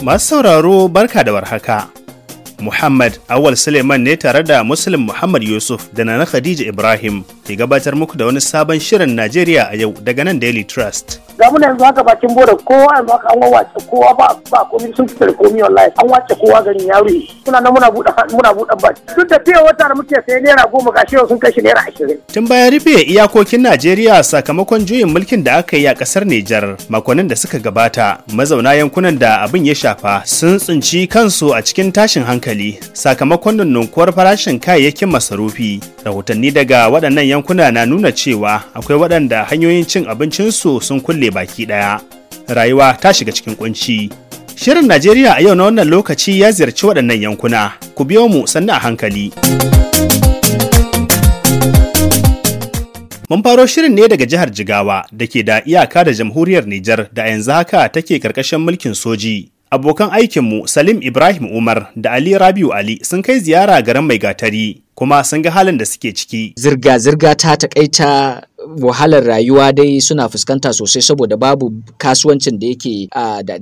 Masu sauraro barka da warhaka. Muhammad Awal Suleiman ne tare da Muslim Muhammad Yusuf da Nana Khadija Ibrahim. ke gabatar muku da wani sabon shirin Najeriya a yau daga nan Daily Trust. Ga muna yanzu haka bakin bora kowa yanzu haka an wace kowa ba ba komai sun da komai online an wace kowa garin yaro suna nan muna buɗe muna buɗe baki. Tun da fiye wata da muke sai naira goma ga shirin sun kai shi naira ashirin. Tun bayan rufe iyakokin Najeriya sakamakon juyin mulkin da aka yi a ƙasar Nijar makonnin da suka gabata mazauna yankunan da abin ya shafa sun tsinci kansu a cikin tashin hankali sakamakon nunkuwar farashin kayayyakin masarufi rahotanni daga waɗannan yankunan yankuna na nuna cewa akwai waɗanda hanyoyin cin abincinsu sun kulle baki ɗaya. Rayuwa ta shiga cikin kunci. Shirin Najeriya a yau na wannan lokaci ya ziyarci waɗannan yankuna. Ku biyo mu sannu a hankali. Mun faro shirin ne daga jihar Jigawa da ke da iyaka da jamhuriyar Nijar da yanzu haka take karkashin mulkin soji. Abokan aikinmu Salim Ibrahim Umar da Ali Rabiu Ali sun kai ziyara garin Mai Gatari kuma sun ga halin da suke ciki. Zirga-zirga ta takaita wahalar rayuwa dai suna fuskanta sosai saboda babu kasuwancin da yake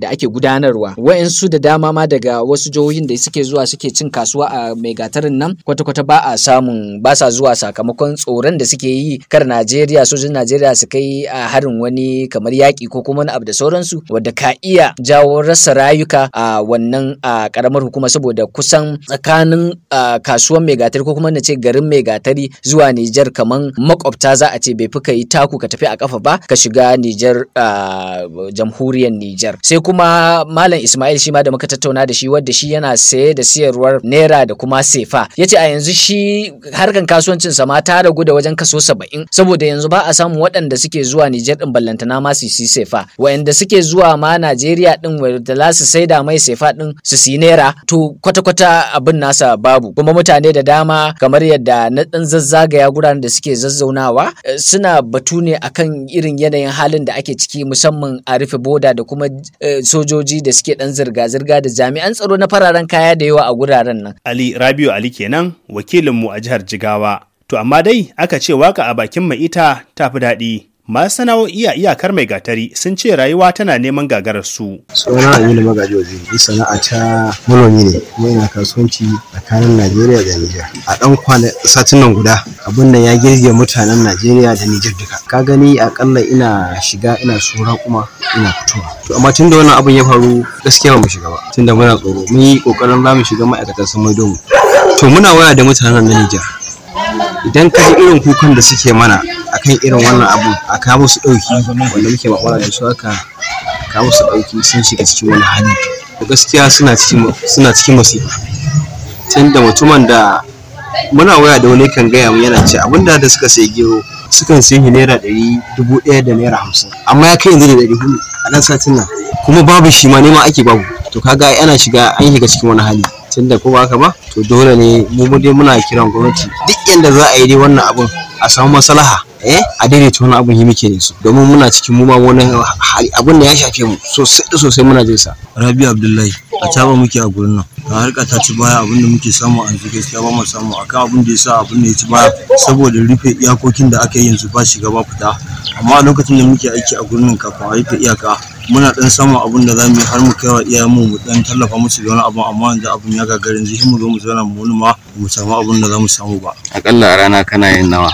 da ake gudanarwa wa'insu da dama ma daga wasu jihohin da suke zuwa suke cin kasuwa a mai gatarin nan kwata-kwata ba a samun ba sa zuwa sakamakon tsoron da suke yi kar Najeriya sojin Najeriya su kai a harin wani kamar yaƙi ko kuma wani abu da sauransu wadda ka iya jawo rasa rayuka a wannan a karamar hukuma saboda kusan tsakanin kasuwan mai gatarin ko kuma kuma ce garin mai gatari zuwa Nijar kaman makwabta za a ce bai fi ka yi taku ka tafi a kafa ba ka shiga Nijar jamhuriyar Nijar sai kuma malam Ismail shi ma da muka tattauna da shi wadda shi yana saye da siyarwar naira da kuma sefa ce a yanzu shi harkan kasuwancin sa ma ta ragu da wajen kaso saba'in saboda yanzu ba a samu waɗanda suke zuwa Nijar din ballantana ma su si sefa waɗanda suke zuwa ma Najeriya din wanda za su saida mai sefa din su si naira to kwata-kwata abin nasa babu kuma mutane da dama kamar yadda na ɗan zazzagaya guraren da suke zazzaunawa eh, suna batu ne akan irin yanayin halin da ake ciki musamman a rufe boda da kuma eh, sojoji da suke ɗan zirga-zirga da jami'an tsaro na fararen kaya da yawa a guraren nan. Ali Rabiu Ali kenan wakilinmu a jihar Jigawa. To amma dai aka ce waka a bakin mai ita ta fi daɗi. masu sana'o'i a iyakar mai gatari sun ce rayuwa tana neman gagarar su. Suna Aminu Magaji ni sana'a ta manomi ne, kuma ina kasuwanci tsakanin Najeriya da Nijar. A ɗan kwana satin nan guda, abin da ya girge mutanen Najeriya da Nijar duka. Ka gani akalla ina shiga ina sura kuma ina fitowa. To amma tunda wannan abin ya faru gaskiya ba mu shiga ba, tunda muna tsoro. Mun yi ƙoƙarin za mu shiga ma'aikatan sun maido mu. To muna waya da mutanen na Nijar. Idan ka ji irin kukan da suke mana, akan irin wannan abu a kawo musu ɗauki wanda muke makwara da su aka kawo musu ɗauki sun shiga cikin wani hali to gaskiya suna cikin suna cikin masifa tunda mutumin da muna waya da wani kan gaya mu yana ce abinda da suka sayi gero sukan sai shi naira ɗari dubu ɗaya da naira hamsin amma ya kai yanzu da ɗari hudu a nan satin nan kuma babu shi ma nema ake babu to kaga ana shiga an shiga cikin wani hali tunda ko ba haka ba to dole ne mu dai muna kiran gwamnati duk yanda za a yi dai wannan abun a samu maslaha eh a daidaita wani abun yi muke ne su domin muna cikin mu ma wani abun da ya shafe mu sosai da sosai muna jin sa Rabi Abdullahi a taba muke a gurin nan a harka ta ci baya abin da muke samu a yanzu gaskiya ba mu samu akan abin da sa abin da ya ci baya saboda rufe iyakokin da aka yi yanzu ba shiga ba fita amma a lokacin da muke aiki a gurin nan kafin a rufe iyaka muna dan samu abun da zamu yi har mu kai wa iyayen mu mu dan tallafa musu da wani abu amma yanzu abin ya gagarin zai mu zo mu zauna mu wani ma mu samu abin da zamu samu ba akalla rana kana yin nawa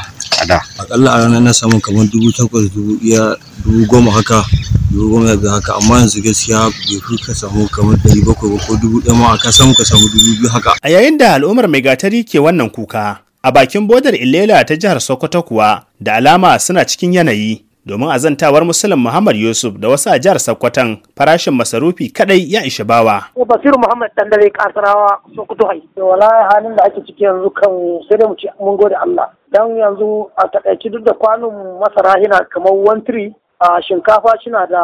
a akalla a ranar na samu kamar dubu takwas dubu iya dubu goma haka dubu goma da haka amma yanzu gaskiya bai fi ka samu kamar ɗari bakwai ba ko dubu ɗaya ma a ka samu ka samu dubu biyu haka. a yayin da al'ummar mai gatari ke wannan kuka a bakin bodar Ilela ta jihar Sokoto kuwa da alama suna cikin yanayi domin azantawar zantawar musulun Muhammad Yusuf da wasu a jihar Sakkwatan, farashin masarufi kadai ya ishi bawa. Eh, Basiru Muhammad dare Kasarawa Sokoto hai. Wala halin da ake ciki yanzu kan sai da mu ce mun gode Allah. Dan yanzu a takaici duk da kwanon masara yana kamar 1-3 a shinkafa suna da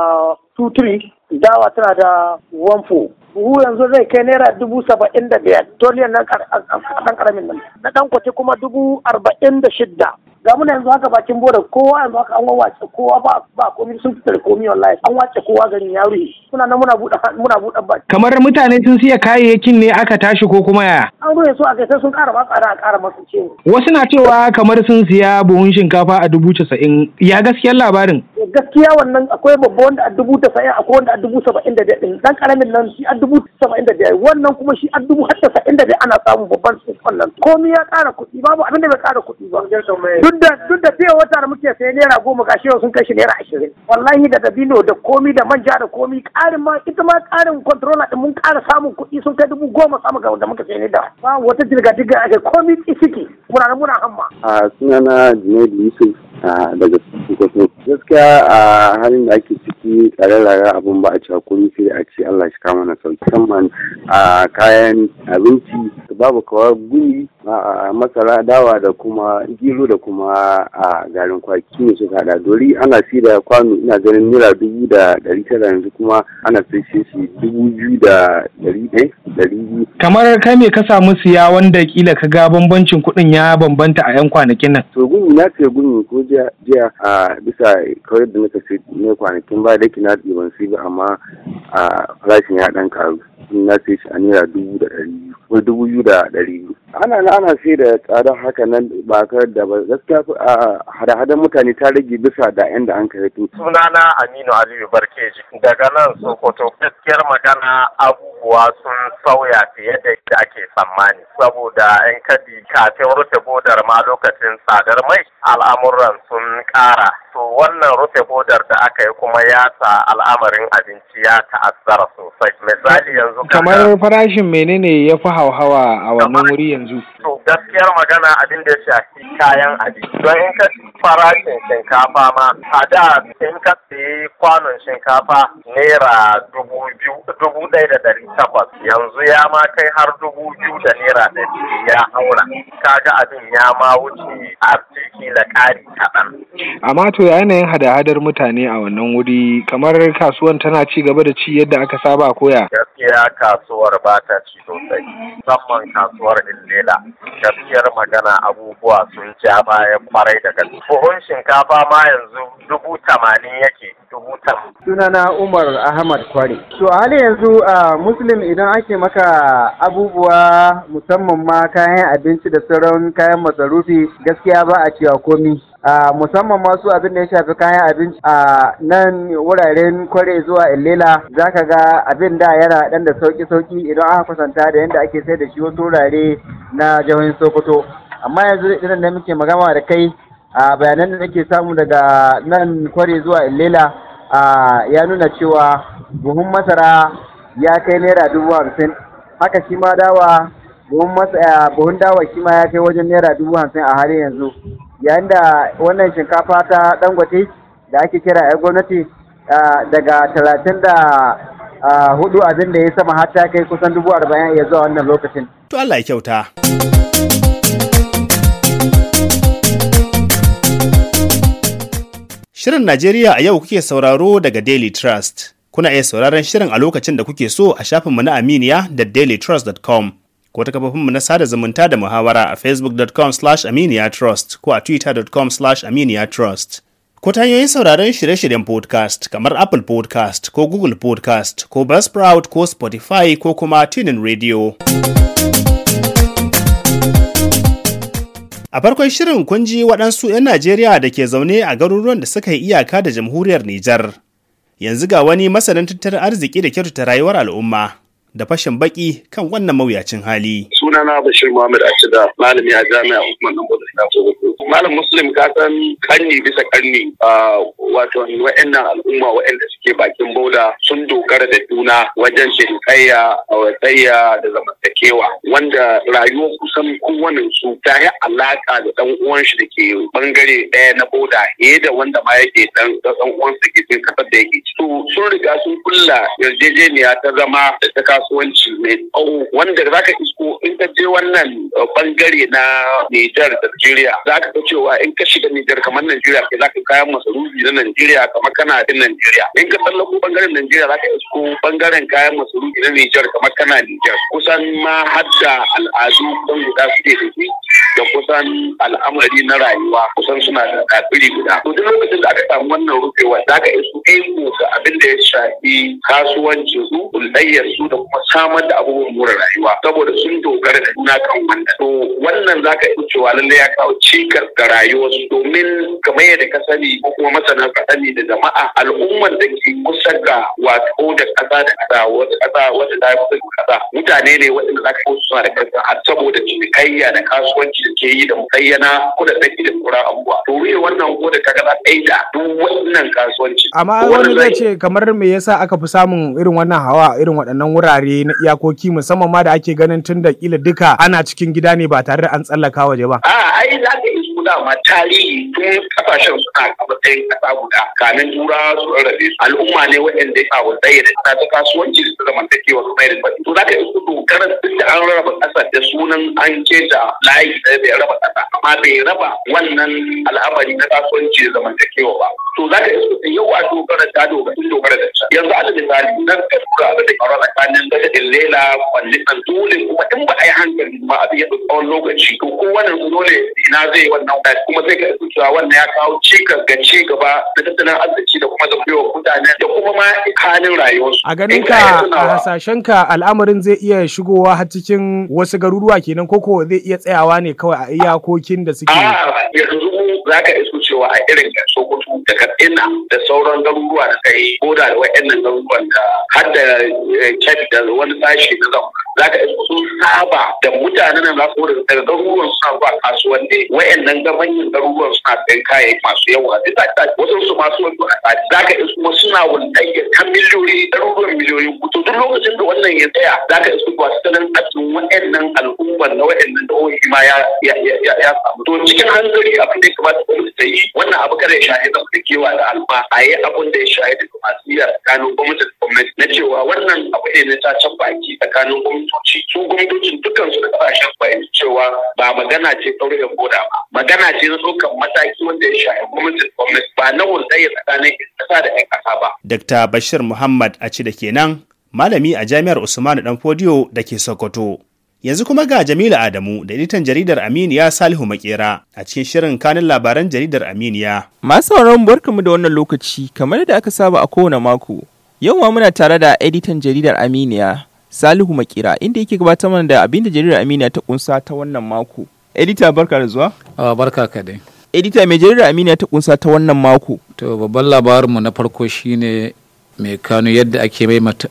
2-3 dawa tana da 1-4. buhu yanzu zai kai naira dubu saba'in da biyar toliyan na ɗan ƙaramin nan na ɗan kwace kuma dubu arba'in da shidda ga muna yanzu haka bakin boda kowa yanzu haka an wawace kowa ba ba komai sun fitar komai wallahi an wace kowa garin ya ruhe suna nan muna buɗa muna buɗa baki kamar mutane sun siya kayayyakin ne aka tashi ko kuma yaya an ruhe su a kai sai sun ƙara ba tsara a ƙara masu ce wasu na cewa kamar sun siya buhun shinkafa a dubu casa'in ya gaskiyar labarin gaskiya wannan akwai babba wanda a dubu casa'in akwai wanda a dubu saba'in da ɗin dan karamin nan shi a dubu saba'in da biyar wannan kuma shi a dubu har tasa'in da ana samun babban sun wannan komai ya ƙara kuɗi babu abin da bai ƙara kuɗi ba duk da duk da fiye wata da muke sai naira goma ga yau sun kashi naira ashirin wallahi da dabino da komi da manja da komi karin ma ita ma ƙarin controller din mun kara samun kuɗi sun kai dubu goma samu ga wanda muka sai da ba wata jirga jirga ake komi tsiki muna muna hamma. a sunana da Yusuf daga gaskiya a halin da ake ciki ci tsare abin ba a ci hakuri sai a ci, Allah shi kama na sauki musamman a kayan abinci babu kawar guni a masara dawa da kuma giro da kuma a garin kwaki ne suka hada dori ana sai da kwano ina ganin nira dubu da ɗari tara yanzu kuma ana sai shi dubu biyu da ɗari ɗaya eh, ɗari biyu. kamar kai me ka samu siya wanda kila ka ga bambancin kuɗin ya bambanta a 'yan kwanakin nan. to gumi na ce gumi ko jiya a bisa kawai da na sai kwanakin ba ba da na ban sai ba amma a farashin ya dan karu na sai shi a naira dubu da ɗari biyu ko dubu biyu da ɗari biyu ana na ana sai da tsadar haka nan ba da ba gaskiya hada-hadan mutane ta rage bisa da yan da an Suna sunana aminu aliyu barkeji daga nan sokoto gaskiyar magana abubuwa sun sauya fiye da yadda ake tsammani saboda yan kadi kafin rufe bodar ma lokacin tsadar mai al'amuran sun kara. to wannan rufe bodar da aka yi kuma ya sa al'amarin abinci ya ta'azzara sosai misali yanzu kamar farashin menene ya fi hauhawa a wannan wuri yanzu? To gaskiyar magana abin da ya shafi kayan abinci. Don in ka farashin shinkafa ma a da in ka sayi kwanon shinkafa naira dubu biyu dubu ɗaya da ɗari takwas yanzu ya ma kai har dubu biyu da naira ɗari ya haura. Kaga abin ya ma wuce arziki da ƙari kaɗan. Amma to yanayin hada-hadar mutane a wannan wuri kamar kasuwan tana ci gaba da ci yadda aka saba koya? Gaskiya kasuwar ba ta ci sosai, musamman kasuwar Illela. Gaskiyar magana abubuwa sun ja baya kwarai da gaske. Buhun shinkafa ma yanzu dubu tamanin yake dubu tamanin. Sunana Umar Ahmad Kwari. To hali yanzu a Muslim idan ake maka abubuwa musamman ma kayan abinci da sauran kayan masarufi gaskiya ba a cewa komi. musamman masu abin da ya shafi kayan abinci a nan wuraren kware zuwa illela za ka ga abin da yana dan da sauki sauki idan aka kusanta da yadda ake sai da shi wasu wurare na jihohin sokoto amma yanzu irin da muke magana da kai a bayanan da nake samu daga nan kware zuwa illela ya nuna cewa buhun masara ya kai naira dubu hamsin haka shi ma dawa buhun dawa shi ma ya kai wajen naira dubu hamsin a halin yanzu yayin da wannan shinkafa ta dangote da ake kira yar gwamnati daga talatin da hudu abin da ya sama har ta kai kusan dubu arba'in ya zuwa wannan lokacin. To Allah ya kyauta. Shirin Najeriya a yau kuke sauraro daga Daily Trust. Kuna iya sauraron shirin a lokacin da kuke so a shafinmu na Aminiya da dailytrust.com. ko ta kafofinmu na sada zumunta da muhawara a facebook.com slash aminiyatrust ko a twitter.com slash aminiyatrust. Ko ta hanyoyin sauraron shirye-shiryen podcast kamar Apple podcast ko Google podcast ko Buzzsprout ko Spotify ko kuma Tunin Radio. A farkon shirin kun ji waɗansu 'yan Najeriya da ke zaune a garuruwan da suka yi iyaka da jamhuriyar Nijar. Yanzu ga wani masanin tattalin arziki da kyautata rayuwar al'umma. da fashin baki kan wannan mawuyacin hali. Sunana Bashir Muhammad Atida, malami a jami'a Usman Nambo da Malam Muslim ka san karni bisa karni wato wa'annan al'umma wa'anda suke bakin boda sun dogara da juna wajen shirkayya a da zamantakewa wanda rayuwa kusan kowane su ta yi alaka da dan uwan shi da ke bangare ɗaya na boda yi da wanda ma yake dan dan uwan su ke cikin kasar da yake. To sun riga sun kulla yarjejeniya ta zama da ta kasuwanci mai tsawo wanda za ka isko in ka je wannan uh, bangare na Nijar da Nigeria, za ka ga cewa in ka shiga Nijar kamar ke za ka kayan masarufi na Najeriya kamar kana din Nigeria, in ka tsallako bangaren Nigeria za ka isko bangaren kayan masarufi na Nijar kamar kana Nijar kusan ma hadda al'adu don guda suke da shi da kusan al'amari na rayuwa kusan suna da kafiri guda to duk lokacin da aka samu wannan rufewa za ka isko ɗaya ga shafi kasuwancin su hulɗayyar su da kuma samar da abubuwan more rayuwa saboda sun dogara da juna kan wanda. to wannan zaka iya cewa lallai ya kawo cikar ga rayuwar su domin kamar yadda ka sani ko kuma masana ka da jama'a al'ummar da ke kusa ga wato da kasa da ƙasa wata ƙasa wata ta ya ƙasa mutane ne waɗanda zaka ko suna da ƙasa har saboda cinikayya da kasuwanci da ke yi da musayyana ko da tsaki da kura abubuwa to wannan ko da kaga za ka duk wannan kasuwanci amma wani zai ce kamar me yasa aka fi samun irin wannan hawa irin waɗannan wurare na iyakoki musamman ma da ake ganin tun da kila duka ana cikin gida ne ba tare da an tsallaka waje ba. A ai za ka yi su dama tarihi tun kasashen suna a matsayin kasa guda kamin tura su rarrabe su al'umma ne waɗanda a wadaya da ta kasuwanci da zamantakewa su mai da to za ka yi su dokar duk da an raba ƙasa da sunan an da layi ɗaya bai raba ƙasa amma bai raba wannan al'amari na kasuwanci da zamantakewa ba. to za ka iso yau a dogara ta dogara tun dogara da yanzu a cikin misali nan ka tura abin da faru tsakanin gadadin lela kan dole kuma in ba a yi hankali ma abin ya tsawon lokaci to wannan dole ina zai wannan kuma zai ga cewa wannan ya kawo cikas ga ci gaba da tattalin arziki da kuma zamewa mutanen da kuma ma halin rayuwarsu. a ganin ka a hasashen ka al'amarin zai iya shigowa har cikin wasu garuruwa kenan koko zai iya tsayawa ne kawai a iyakokin da suke. yanzu za ka iso cewa a irin sokoto da katsina da sauran garuruwa da kai ko da waɗannan abubuwan da har da kyan eh, da wani sashi na za ka isa sun saba da mutanen nan za su daga garuruwan suna zuwa kasuwanni wayannan gabanyin garuruwan suna sayan kayan masu yawa duk da ta wasu su masu wani a za ka isa kuma suna wundayya ta miliyoyi garuruwan miliyoyi to duk lokacin da wannan ya tsaya za ka isa kuma su sanar asirin wayannan al'umman na wayannan dawoyi ma ya samu to cikin hanzari abin da ya kamata gwamnati ta yi wannan abu kada ya shahi zamantakewa da alfa a yi abin da ya shahi da kuma tsakanin gwamnati da gwamnati na cewa wannan abu ne na ta can baki tsakanin gwamnati likitoci su gwamnatocin dukkan su da kasashen bayan cewa ba magana ce ɗaurin goda ba magana ce na ɗaukan mataki wanda ya shafi gwamnatin gwamnati ba na hulɗayya tsakanin ƙasa da 'yan ƙasa ba. Dr. Bashir Muhammad a ci da kenan malami a jami'ar Usmanu fodiyo da ke Sokoto. Yanzu kuma ga Jamilu Adamu da editan jaridar Aminiya Salihu Makera a cikin shirin kanin labaran jaridar Aminiya. Masu sauraron barkamu da wannan lokaci kamar da aka saba a kowane mako. Yau muna tare da editan jaridar Aminiya Salihu Makira inda yake gabatar mana da abin da jaridar Amina ta kunsa ta wannan mako. Edita barka da zuwa. Uh, barka ka dai. Edita mai jaridar amina ta kunsa ta wannan mako. To babban labarinmu na farko shine mai kano yadda ake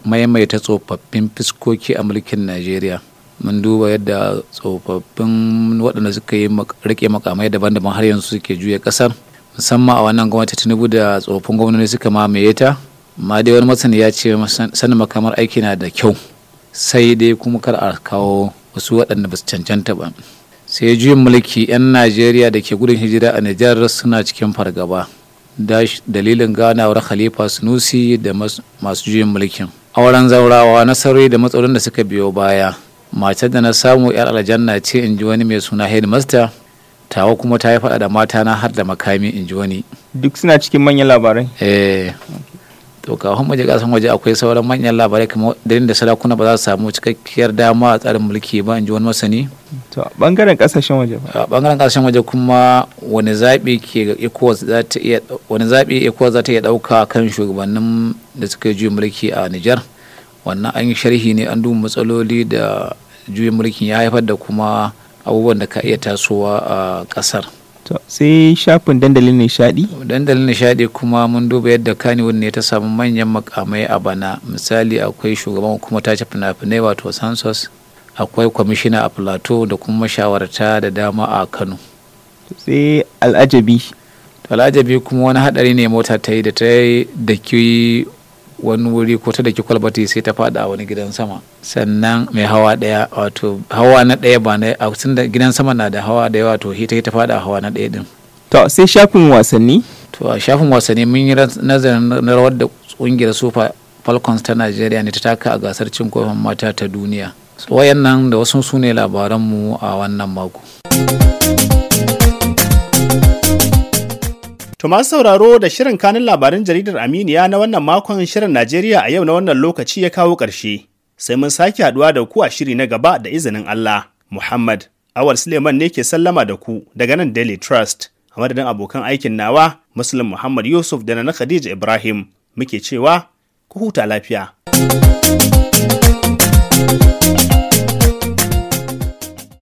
maimaita tsofaffin fiskoki a mulkin Najeriya. Mun duba yadda tsofaffin waɗanda suka yi rike makamai daban-daban har yanzu suke juya ƙasar. Musamman a wannan gwamnati Tinubu da tsofin gwamnati suka mamaye ta. Ma dai wani masani ya ce sanin makamar aiki na da kyau. sai dai kuma kar a kawo wasu waɗanda ba su cancanta ba sai juyin mulki 'yan najeriya da ke gudun hijira a nijar suna cikin fargaba dalilin ganawar khalifa sunusi da masu juyin mulkin auren zaurawa nasarori da matsalolin da suka biyo baya mace da na samu 'yar aljanna ce in ji wani mai suna headmaster tawa kuma ta yi fada da mata na har da makami in ji wani duk suna cikin manyan labarai eh to kafin mu je waje akwai sauran manyan labarai kamar dalilin da sarakuna ba za su samu cikakkiyar dama a tsarin mulki ba in ji wani masani to bangaren kasashen waje ba bangaren kasashen waje kuma wani zabi ke ECOWAS za ta iya wani zabi ECOWAS za ta iya dauka kan shugabannin da suka juyin mulki a Niger wannan an yi sharhi ne an duba matsaloli da juyin mulkin ya haifar da kuma abubuwan da ka iya tasowa a kasar sai shafin dandalin nishadi dandalin nishadi kuma mun duba yadda kaniwood ne ta samu manyan makamai a bana misali akwai shugaban kuma tace fina-finai wato sansos akwai kwamishina a plateau da kuma mashawarta da dama a kano sai al'ajabi al'ajabi kuma wani hadari ne mota ta yi da ta yi da wani wuri ko ta daki kwalbati sai ta fada a wani gidan sama sannan mai hawa daya wato hawa na daya ba na a cikin gidan sama na da hawa daya wato hita ta fada a hawa na daya din to sai shafin wasanni to a shafin wasanni mun yi nazarin na rawar da kungiyar super falcons ta nigeria ne ta taka a gasar cin kofin mata ta duniya wayannan da wasu su labaran mu a wannan mako To masu sauraro da shirin kanin labarin jaridar Aminiya na wannan makon shirin Najeriya a yau na wannan lokaci ya kawo ƙarshe. Sai mun sake haɗuwa da ku a shiri na gaba da izinin Allah. Muhammad Awal Suleiman ne ke sallama da ku daga nan Daily Trust. A madadin abokan aikin nawa Muslim Muhammad Yusuf da na Khadija Ibrahim muke cewa ku huta lafiya.